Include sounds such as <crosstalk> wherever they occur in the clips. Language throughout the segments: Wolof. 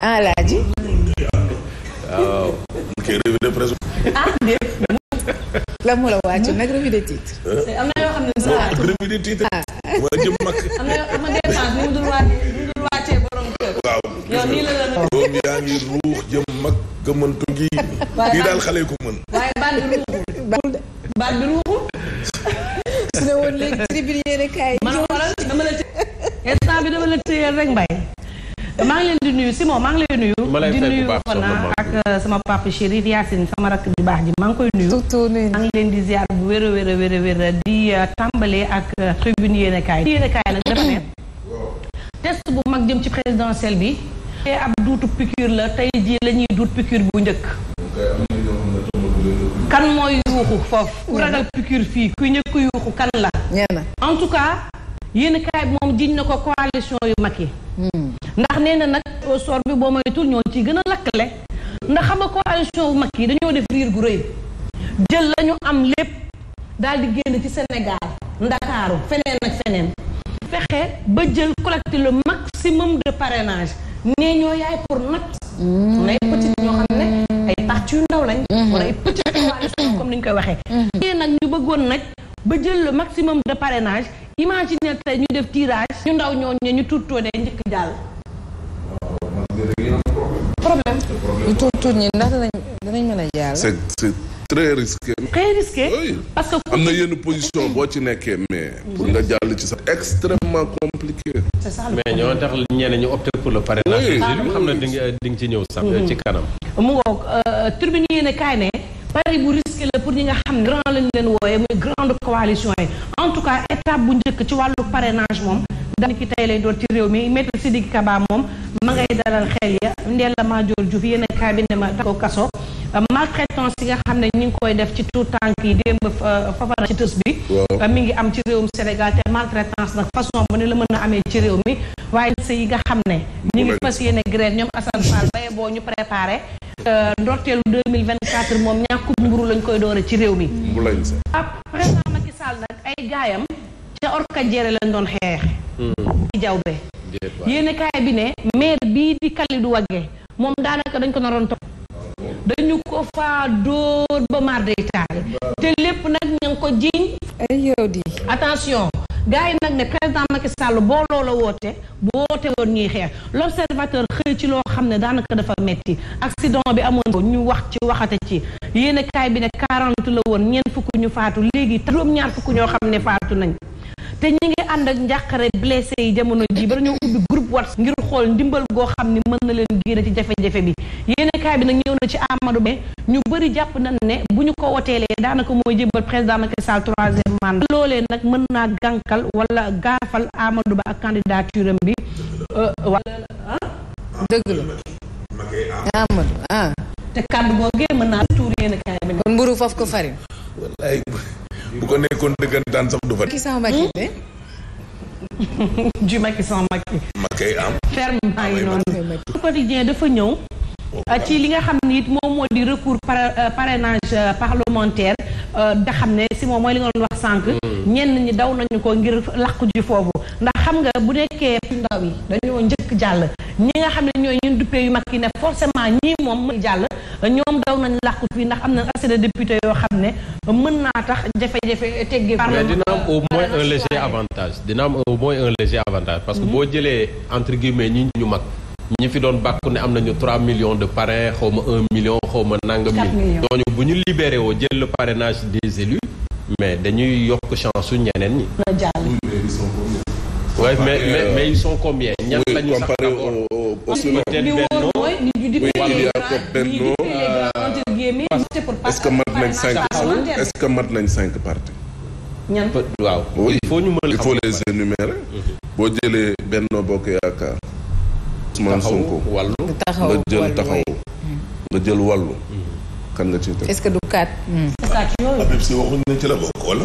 ah Alaaji. waaw mu kii revue de presse. ah la mu la wàcc nag revue de titre. am na yoo xam ne sax ah, revue de titre. wala ah. jëm mag. am na am na dépense ni mu dul wàcc ni mu dul wàccee borom kër. waaw yow nii la la doom yaa ngi ruux jëm mag gëmantu gi. lii daal xale yi ko mën. waaye baat bi ruuxul. baat bi ruuxul. su ne woon léegi tribune yéen a kaay. man waral dama la téye instant bi dama la téyeel rek mbay. nuyu Simon maa ngi lay nuyu. di nuyu Fana ak sama papa chéri Yacine sama rakk ju baax ji maa ngi koy nuyu. surtout nuyu leen di ziar bu wér a wér a wér a wér di euh, tàmbalee ak euh, tribune yéenekaay yéenekaay nag dafa ne test bu mag jëm ci présidentielle bi. te ab duutu piqûre la tey jii la ñuy duut piqûre bu njëkk. kan mooy yuuxu foofu. ragal piqûre fii ku njëkk yuuxu kan la. en tout cas. yéen kaay bi moom jiñ na ko coalition yu mag yi. Hmm. ndax nee na nag sor bi boo moytul ñoo ci gën a lakkale ndax xam nga coalition yu mag yi dañoo def riir gu rëy jël lañu am lépp daal di génn ci Sénégal ndakaaru feneen ak feneen fexe ba jël collecté le maximum de parrainage nee ñoo yaay pour nat na hmm. ay petit ñoo xam ne ay parti yu ndaw lañ hmm. wala ay petit coalition comme ni ñu koy waxee nag ñu bëggoon nag ba jël le maximum de parrainage imagine tey ñu def tirage ñu ndaw ñooñu ñu tuutoonee njëkk jàll. problème. ñu tuutuut ñi ndax danañ danañ mën a jàll. c'est c'est très risqué. très risqué oui. parce que. am na yenn position boo ci nekkee mais. pour nga jàll ci sax extrêmement compliqué. c'est ça mais ñoo tax ñeneen ñu opté pour le parrainage. oui xam na di nga ci ñëw sax. Mm-hmm. ci kanam. mu ngoog euh, tribune yi kaay ne. pari bu risqué la pour ñi nga xam ne grand lañ leen wooyee muy grande coalition yi en tout cas étape bu njëkk ci wàllu parrainage moom daan ki tey lay doon ci réew mi Maître Sidiki Kaba moom ma ngay dalal xel ya Ndella Madior Diouf yéen a kaay bi ne ma takko kaso maltraitance yi nga xam ne ñi ngi koy def ci tout tànk yi démb euh, fafara ci tës bi mi ngi am ci réewum Sénégal te maltraitance nag façon bu ne la mën a amee ci réew mi waaye sa yi nga Euh, ndorteelu 2024 moom ñàkkub mburu lañ koy doore ci réew mi waa président Macky Sall nag ay gaayam ca orkajere lañ doon xeex ci hmm. jawbe yéene kaay bi ne maire bii di Kalidou Wagué moom daanaka dañ ko naroon topp dañu ko faa dóor ba maar day te lépp nag ña ko jiiñ ay yow attention gars yi nag ne président Macky Sall booloo la woote bu woote woon ñuy xeex l'observateur xëy ci loo xam ne daanaka dafa metti accident bi amoon ko ñu wax ci waxate ci yéen kaay bi ne 40 la woon ñeent fukk ñu faatu léegi juróom-ñaar fukk ñoo xam ne faatu nañ te ñi ngi ànd ak njàqare blessé yi jamono ji ba dañoo ubbi groupe WhatsApp ngir xool ndimbal goo xam ni mën na leen génne ci jafe-jafe bi yéenekaay bi nag ñëw na ci Amadou Ba ñu bëri jàpp nañ ne bu ñu ko woteelee daanaka mooy jëbal président Macky Sall troisième mandat loolee nag mën naa gànkal wala gaafal Amadou Ba ak candidature am bi euh, euh, wala ah, dëgg la Amadou ah te kàddu googee mën naa tuur yéenekaay bi kon mburu foofu ko farine bu ko nekkoon dëggantaan sax du fa. Macky Sall Macky de. du <laughs> Macky Sall Macky. Macky am. fermement yi noonu. quotidien dafa ñëw. Oh, euh, ci li nga xam ni it moom moo di recours euh, parrainage euh, parlementaire da xam ne si moom mooy li nga doon wax sànq. Mm. ñenn ñi daw nañu ko ngir làqu ji foofu. ndax xam nga bu nekkee ndaw yi dañoo njëkk jàll ñi nga xam ne ñooy ñun duppee yu mag yi ne forcément ñii moom mooy jàll ñoom daw nañ làqu fii ndax am na assez de député xam ne mën naa tax jafe-jafe teggee mais dina am avantage dina am au moins un parce que mhm. boo jëlee entre guillemets ñi ñu mag ñi fi doon bàkku ne am nañu 3 millions de parrains xaw ma 1 million xaw ma nangam mil ñooñu bu ñu libéré woo jël le parrainage des élus mais dañuy yokk chance su ñeneen ñi waaye mais mais mais ils sont combien. Euh, ñaar la ñu sax d'abord au au ah, selon. est que mat nañ cinq est-ce que mat nañ cinq partis. waaw. il faut ñu mën il faut les énumérer. Mhm. boo jëlee Benno Bokk Yaakaar. Ousmane Sonko wàllu nga jël taxaw nga jël wàllu. Mhm. kan nga ciy teg est-ce que du kat. Hmm. Habib si waxuñ ne ci la bokk wala.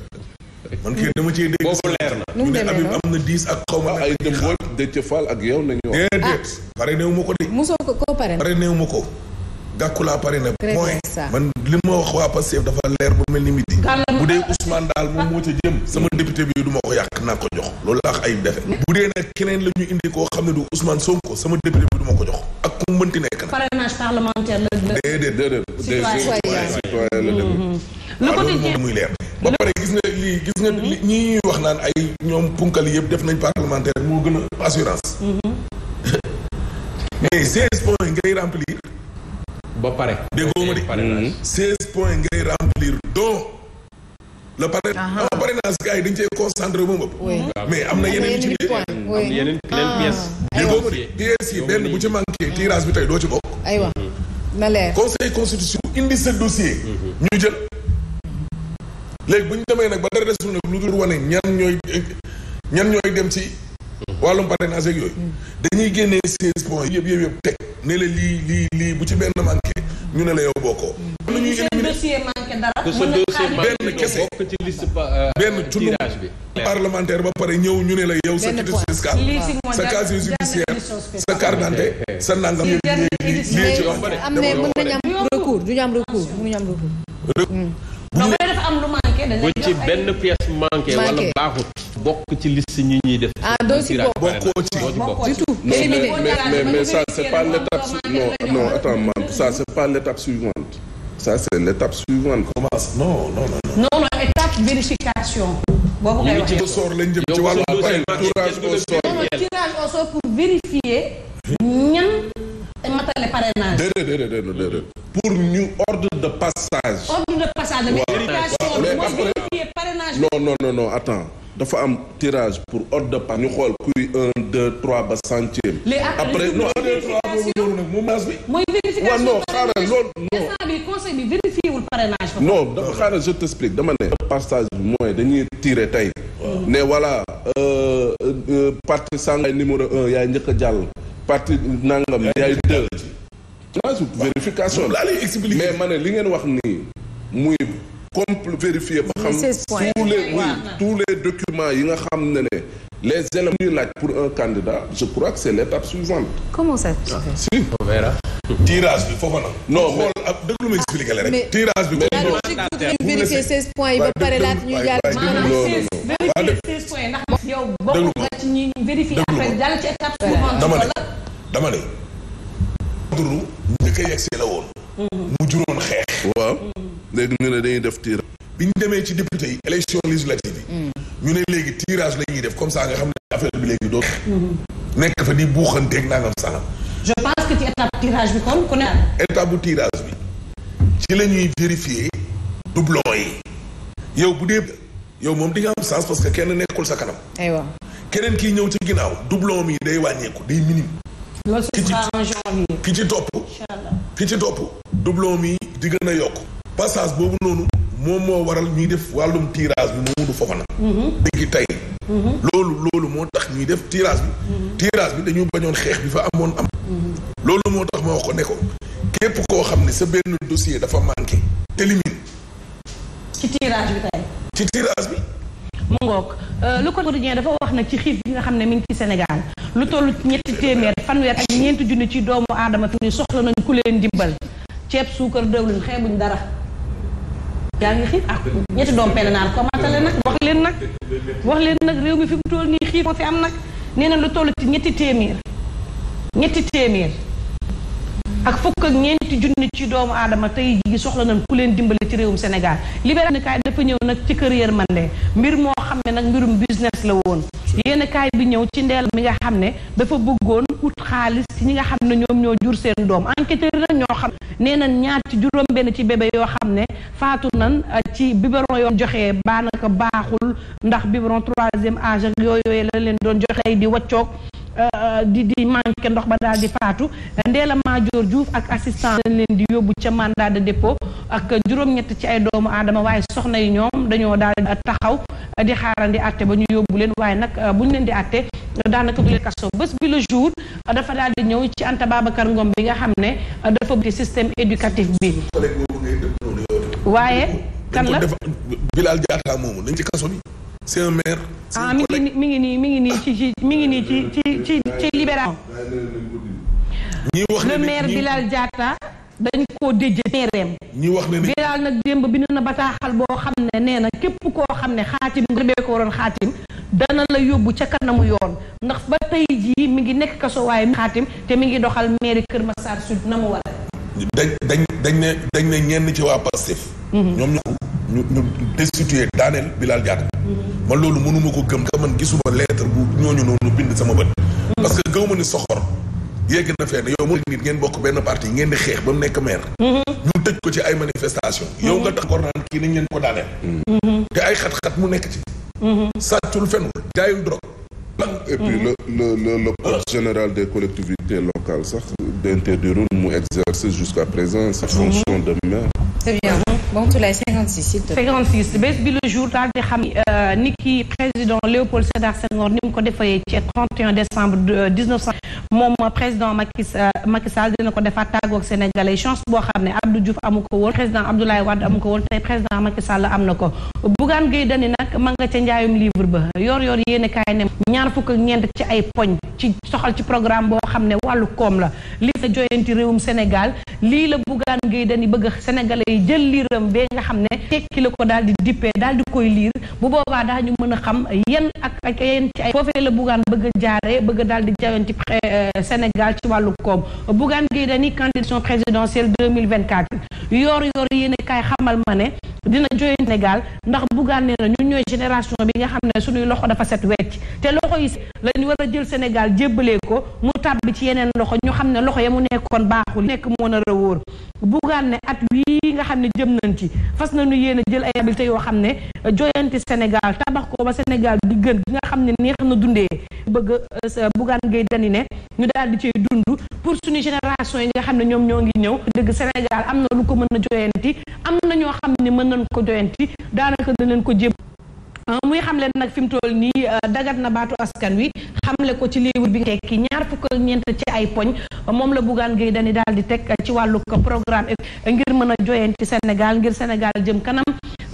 man kii dama cee dégg. Ah, la ñu wax. déedéet ah. pare néew ma ko de. mosoo ko koo pare. ni midi. bu dee sama hmm. député bi du ko yàq naa ko jox. loolu laa ay defe bu dee nag keneen la ñu indi koo xam ne du Ousmane Sonko sama député bi du ma ko jox. ak ku mu mënti nekk nag. le quotidien muy leer ba pare gis nga lii gis nga ñi ñuy wax naan ay ñoom punkal yëpp def nañ parlementaire moo gën a assurance mm-hmm. mais seize points ngay remplir ba pare déggoo ma di mm-hmm. seize points ngay remplir donc le la parrainage gars yi dañ cee concentré ba bopp mais am na yeneen ci biir yeneen ah. pièces déggoo ma di pièces yi benn bu ci manqué tirage bi tey doo ci bokk aywa mm-hmm. na conseil constitution indi sa dossier ñu jël léegi bu ñu demee nag ba dara desul nag lu dul wane ñan ñooy ñan dem ci wàllum parrainage ak yooyu dañuy génnee seize points yëpp yëpp yëpp teg ne lii lii lii bu ci benn manqué ñu ne la yow bokkoo lu ñuy éliminer benn kese euh, benn tunu parlementaire ba pare ñëw ñu ne la yow sa titre fiscal sa casier judiciaire sa carte d'identité sa nangam lii ci am mën nañu am recours du ñu recours du ñu recours hmm. benn pièce manqué wala baaxut bokk ci liste ñi ñuy def. ah doo ci bokk bokkoo ci bokkoo ci. non mais mais mais ça c'est pas l'étape non non attends man ça c'est pas l'étape suivante ça c'est l'étape suivante. commence non non non. non non étape vérification. boobu ngay waxee ko sort lañ jëm ci wàllu tirage au sort. tirage au sort pour vérifier ñan matale parrainage. déedéet déedéet déedéet pour ñu ordre de passage. ordre de passage. non non non non attends dafa am tirage pour ordre de part ñu xool kuy un deux trois ba centième. après non un deux trois boobu noonu nag mu maas bi. mooy vérification waaw non xaaral loolu. non bi dafa xaaral je t'explique dama ne. partage bi mooy dañuy tiire tey. ne voilà euh, euh, euh, parti sangay numéro un yaay njëkk a jàll. parti nangam yaay deux. Ah, mais ma ne li ngeen wax nii muy. compl vérifier ba xam tous les tous les documents yi nga xam ne ne les éléments ñuy laaj pour un candidat je crois que c'est l'étape suivante comment ça se ah, fait si on verra bi foofa nag non xool ab dëgg lu vérifier 16 points yi ba pare laata ñuy jàll maanaam 16 points ndax yow bokk vérifier après jàll ci étape ñuy def tirage bi ñu demee ci député yi élection législative yi mm. ñu ne léegi tirage la ñuy def comme saa nga xam ne affaire bi léegi doot mm-hmm. nekk fa di buuxanteeg nangam sangam je pense que ci étape tirage bi bu tirage bi ci la ñuy vérifier doublon yi yow bu dee yow moom di nga am sens parce que kenn nekkul sa kanam aywa keneen kii ñëw ci ginnaaw doublon mi day wàññeeku day minime ki ci topp ki ci topp doublon mi di gën a yokk passage boobu noonu moom moo waral ñuy def wàllum tirage bi Mamadou Fofana léegi mhm. tey mhm. loolu loolu moo tax ñuy def tirage bi mhm. tirage bi dañu bañoon xeex bi fa amoon am loolu moo tax ma wax ko ne képp koo xam ne sa benn dossier dafa manqué élimine ci tirage bi tey ci tirage bi mu ngoog euh, lu ko quotidien dafa wax nag ci xiif bi nga xam ne mi ngi ci Sénégal lu toll ñetti téeméer fanweer ak ñeenti junni ci doomu aadama fi ni soxla nañ ku leen dimbal ceeb suukar dëwlin xeebuñ dara yaa ngi xiif ah ñetti doom benn naan ko matale nag wax leen nag wax leen nag réew mi fi mu toll nii xiif moo fi am nag nee na lu toll ci ñetti téeméer ñetti téeméer ak fukk ak ñeenti junni ci doomu aadama tey jii soxla nañ ku leen dimbali ci réewum Sénégal libéral kaay dafa ñëw nag ci kër yër mande mbir moo xam ne nag mbirum business la woon yenn kaay bi ñëw ci ndeel mi nga xam ne dafa bëggoon ut xaalis ci ñi nga xam ne ñoom ñoo jur seen doom enquêteur nag ñoo xam nee na ñaar ci juróom benn ci bébé yoo xam ne faatu nan euh, ci biberon yoon joxee baanaka baaxul ndax biberon troisième âge ak yooyu la leen doon joxe di waccoog Euh, di di manqué ndox ba daal di faatu Ndella Madior Diouf ak assistant lañ leen di yóbbu ca mandat de dépôt ak juróom-ñett ci ay doomu aadama waaye soxna yi ñoom dañoo daal taxaw di xaarandi àtte ba ñu yóbbu leen waaye nag euh, bu ñu leen di àtte daanaka du leen kaso bés bi le jour dafa daal di ñëw ci Anta Babacar Ngom bi nga xam ne dafa bëgg système éducatif bi. waaye kan la Bilal Diatta moomu nañ ci kaso bi. c'est un maire. Ah, mi ngi nii mi ngi nii ci ci mi ngi nii ci ci ci ci libération. ñi wax ne le maire Bilal Diatta dañ koo déjje meereem. ñi wax ne Bilal nag démb bi na bataaxal boo xam ne nee na képp koo xam ne xaatim nga bee ko waroon xaatim dana la yóbbu ca kanamu yoon ndax ba tey jii mi ngi nekk kaso waaye mi xaatim te mi ngi doxal mairie Kër Massar Sud na mu war dañ dañ ne ñenn ci waa Pastef. Mhm. ñu ñu destitué daaneel Bilal Diatta man loolu mënuma ko gëm te man gisuma lettre bu ñooñu noonu bind sama bët parce que gëw ma ni soxor yegg na fenn yow mën ngeen bokk benn parti ngeen di xeex ba nekk maire ñu tëj ko ci ay manifestation yow nga tax kor naan kii nañ leen ko daaneel te ay xat-xat mu nekk ci sàccul fenul jaayul drogue et puis le général des collectivité locales sax d'interdirul mu exerce jusqu'à présent sa fonction de maire bon Bontulaay 56 s'il te plaît. 56 bés bi le jour daal euh, ni ki président Léopold Sédar Senghor ni mu ko defee ci 31 décembre euh, moom président Macky euh, Macky Sall dina ko defaat tàggoog Sénégalais chance boo xam ne Abdou Diouf amu ko woon président Abdoulaye Wade amu ko woon tey président Macky Sall am na ko Bougane Gueye Dany nag ma ca njaayum livre ba yor yor yéen kaay ne ñaar fukk ak ñeent ci ay poñ ci soxal ci programme boo xam ne wàllu koom la lii sa joyanti réewum Sénégal lii la Bougane Gueye Dany bëgg Sénégalais yi jël liiram bee nga xam ne tekki la ko daal di dippee daal di koy liir a xam yan ak ak a jaaree bëgg daal Euh, Sénégal ci wàllu koom Bougane Gueye Dany candidature présidentielle 2024 yoor yoor yéen a kaay xamal ma ne dina joye Sénégal ndax Bougane nee na ñun ñooy génération bi nga xam ne suñuy loxo dafa set wecc te loxo yi lañu war a jël Sénégal jébbalee ko mu tàbbi ci yeneen loxo ñu xam ne loxo ya mu nekkoon baaxul nekk moo nar a wóor Bougane ne at wii nga xam ne jëm nañ ci fas nañu yéen a jël ay habilité yoo xam ne joyante Sénégal tabax ko ba Sénégal di gën gi nga xam ne neex na dundee bëgg euh, Bougane Gueye Dany ne ñu daal di cay dund pour suñu génération yi nga xam ne ñoom ñoo ngi ñëw dëgg Sénégal am na lu ko mën a joyanti am na ñoo xam ne mën nañ ko joyanti daanaka dañ leen ko jéem euh, muy xam leen nag fi mu toll nii euh, dagat na baatu askan wi xamle ko ci livre bi nga tekki ñaar fukk ak ñeent ci ay poñ moom la Bougane Gueye Dany daal di teg ci wàllu programme ngir mën a joyanti Sénégal ngir Sénégal jëm kanam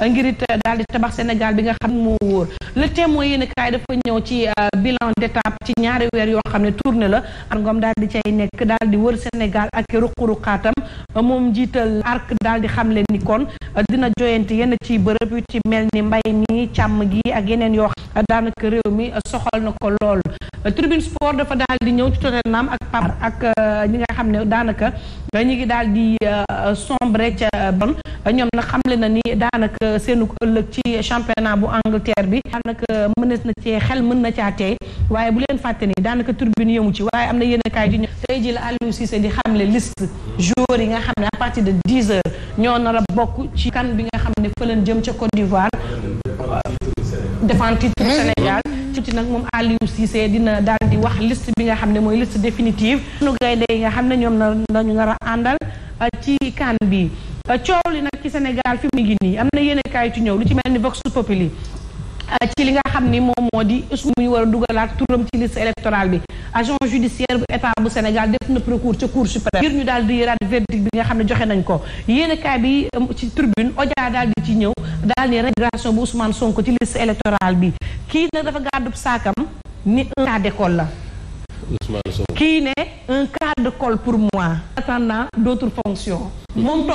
ngir it daal di tabax Sénégal bi nga xam ne moo wóor le témoin yéen kaay dafa ñëw ci euh, bilan d'étape ci ñaari weer yoo xam ne tournée la arngom daal di cay nekk daal di wër Sénégal ak ruqu-ruqaatam moom jiital arc daal di xam leen ni kon dina joyante yenn ci bërëb yu ci mel ni mbay mi càmm gi ak yeneen yoo xam daanaka réew mi soxal na ko lool tribune sport dafa daal di ñëw ci Tottenham ak Pamar ak euh, ñi nga xam ne daanaka ñu ngi daal di euh, sombre ca bon ñoom nag xamle na Euh, seenu ëllëg ci championnat bu Angleterre bi daanaka mënees na cee xel mën na caa tey waaye bu leen fàtte ni daanaka turbine yëmu ci waaye am na yenn kaay di ñëw tey ji la Aliou Cissé di xamle liste joueurs yi nga xam ne à partir de dix heures ñoo na a bokk ci kan bi nga xam ne fa jëm ca Côte d'Ivoire défendre titre Sénégal tuuti nag moom Aliou Cissé dina daal di wax liste bi nga xam ne mooy liste définitive sunu gaynde yi nga xam ne ñoom na nañu nar a àndal euh, ci kan bi Euh, coow li nag ci Sénégal fi mu ngi nii am na yenn kaay ci ñëw lu ci mel ni Vox Populi euh, ci li nga xam ni moom moo di muy war a dugalaat turam ci liste électorale bi agent judiciaire bu état bu Sénégal def na recours ca cour suprême ngir ñu daal di yëraat verdict bi nga xam ne joxe nañ ko yéen kaay bi euh, ci tribune Odia daal di ci ñëw daal ne régulation bu Ousmane Sonko ci liste électorale bi kii nag dafa gàddu saakam ni un cas d'école la kii ne un cas d'école pour moi attendant d'autres fonctions moom